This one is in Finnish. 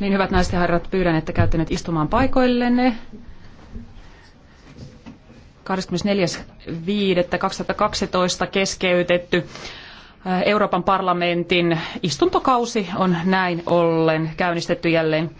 Niin hyvät naiset ja herrat, pyydän, että käytte nyt istumaan paikoillenne. 24.5.2012 keskeytetty äh, Euroopan parlamentin istuntokausi on näin ollen käynnistetty jälleen.